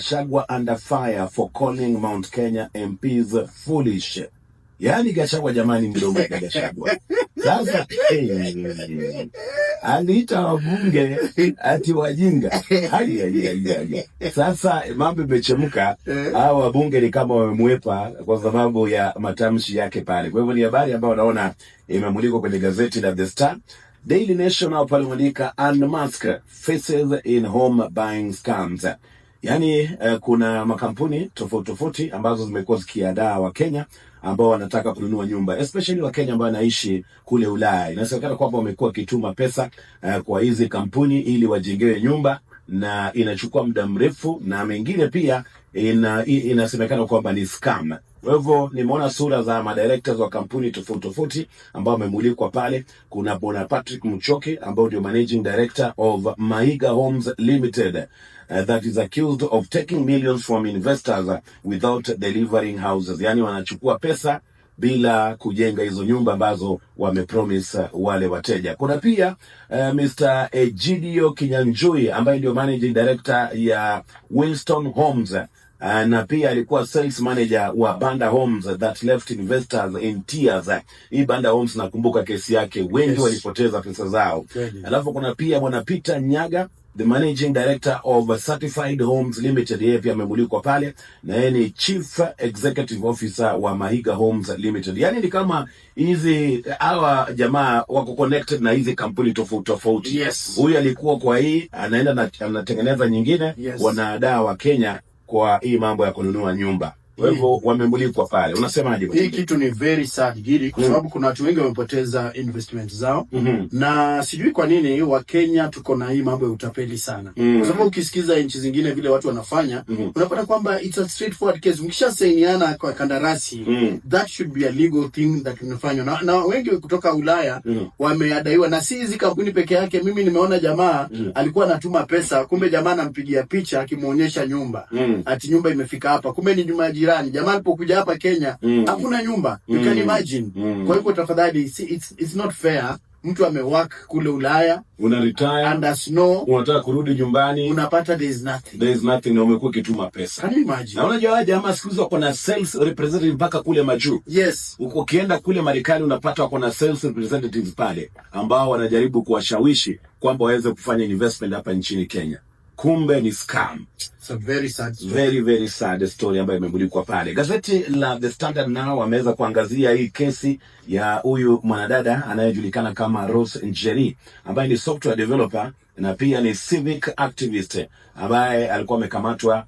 Gachagua under fire for calling Mount Kenya MPs foolish. Yaani Gachagua jamani, mdogo wa Gachagua sasa hey, aliita wabunge ati wajinga. Hai Sasa mambo imechemka, hao wabunge ni kama wamemwepa kwa sababu ya matamshi yake pale. Kwa hivyo ni habari ambayo naona imemulikwa kwenye gazeti la The Star. Daily Nation au pale mwandika Elon faces in home buying scams Yaani eh, kuna makampuni tofauti tofauti ambazo zimekuwa zikiadaa Wakenya ambao wanataka kununua nyumba especially Wakenya ambao wanaishi kule Ulaya. Inasemekana kwamba wamekuwa wakituma pesa eh, kwa hizi kampuni ili wajengewe nyumba na inachukua muda mrefu, na mengine pia ina, inasemekana kwamba ni scam. Kwa hivyo nimeona sura za madirectors wa kampuni tofauti tofauti ambao wamemulikwa pale. Kuna Bwana Patrick Muchoki ambao ndio managing director of Maiga Homes Limited Uh, that is accused of taking millions from investors without delivering houses, yaani wanachukua pesa bila kujenga hizo nyumba ambazo wamepromise eh, wale wateja. Kuna pia uh, eh, Mr. Egidio Kinyanjui ambaye ndio managing director ya Winston Homes Uh, na pia alikuwa sales manager wa Banda Homes that left investors in tears. Hii Banda Homes nakumbuka kesi yake, wengi yes, walipoteza pesa zao. Alafu kuna pia bwana Peter Nyaga the managing director of Certified Homes Limited, yeye pia amemulikwa pale, na yeye ni chief executive officer wa Mahiga Homes Limited. Yani ni kama hizi hawa jamaa wako connected na hizi kampuni tofauti tofauti. Yes, Huyu alikuwa kwa hii anaenda na, anatengeneza nyingine yes, wanadaa wa Kenya kwa hii mambo ya kununua nyumba. Kwa hivyo wamemulikwa pale. Unasemaje? Hii kitu ni very sad gili kwa mm. sababu mm. kuna watu wengi wamepoteza investment zao mm -hmm. na sijui kwa nini Wakenya tuko na hii mambo ya utapeli sana mm -hmm. kwa sababu ukisikiza nchi zingine vile watu wanafanya mm -hmm. unapata kwamba it's a straightforward case. sainiana kwa kandarasi mm -hmm. that should be a legal thing that inafanywa na, na wengi kutoka Ulaya mm -hmm. wameadaiwa, na si hizi kampuni peke yake. Mimi nimeona jamaa mm -hmm. alikuwa anatuma pesa, kumbe jamaa anampigia picha akimuonyesha nyumba mm -hmm. ati nyumba imefika hapa, kumbe ni nyumba ya jirani jirani. Jamaa alipokuja hapa Kenya mm. hakuna mm. nyumba mm. you can imagine mm. kwa hivyo tafadhali, it's, it's not fair mtu amework kule Ulaya una retire under snow, unataka kurudi nyumbani, unapata there is nothing, there is nothing, na umekuwa kituma pesa. Can you imagine? Na unajua waje ama siku hizo kuna sales representative mpaka kule majuu. Yes, uko kienda kule Marekani unapata wako na sales representatives pale ambao wanajaribu kuwashawishi kwamba waweze kufanya investment hapa nchini Kenya kumbe ni scam. It's a very sad story. Very, very sad story ambayo imemulikwa pale. Gazeti la The Standard nao wameweza kuangazia hii kesi ya huyu mwanadada anayejulikana kama Rose Njeri ambaye ni software developer na pia ni civic activist ambaye alikuwa amekamatwa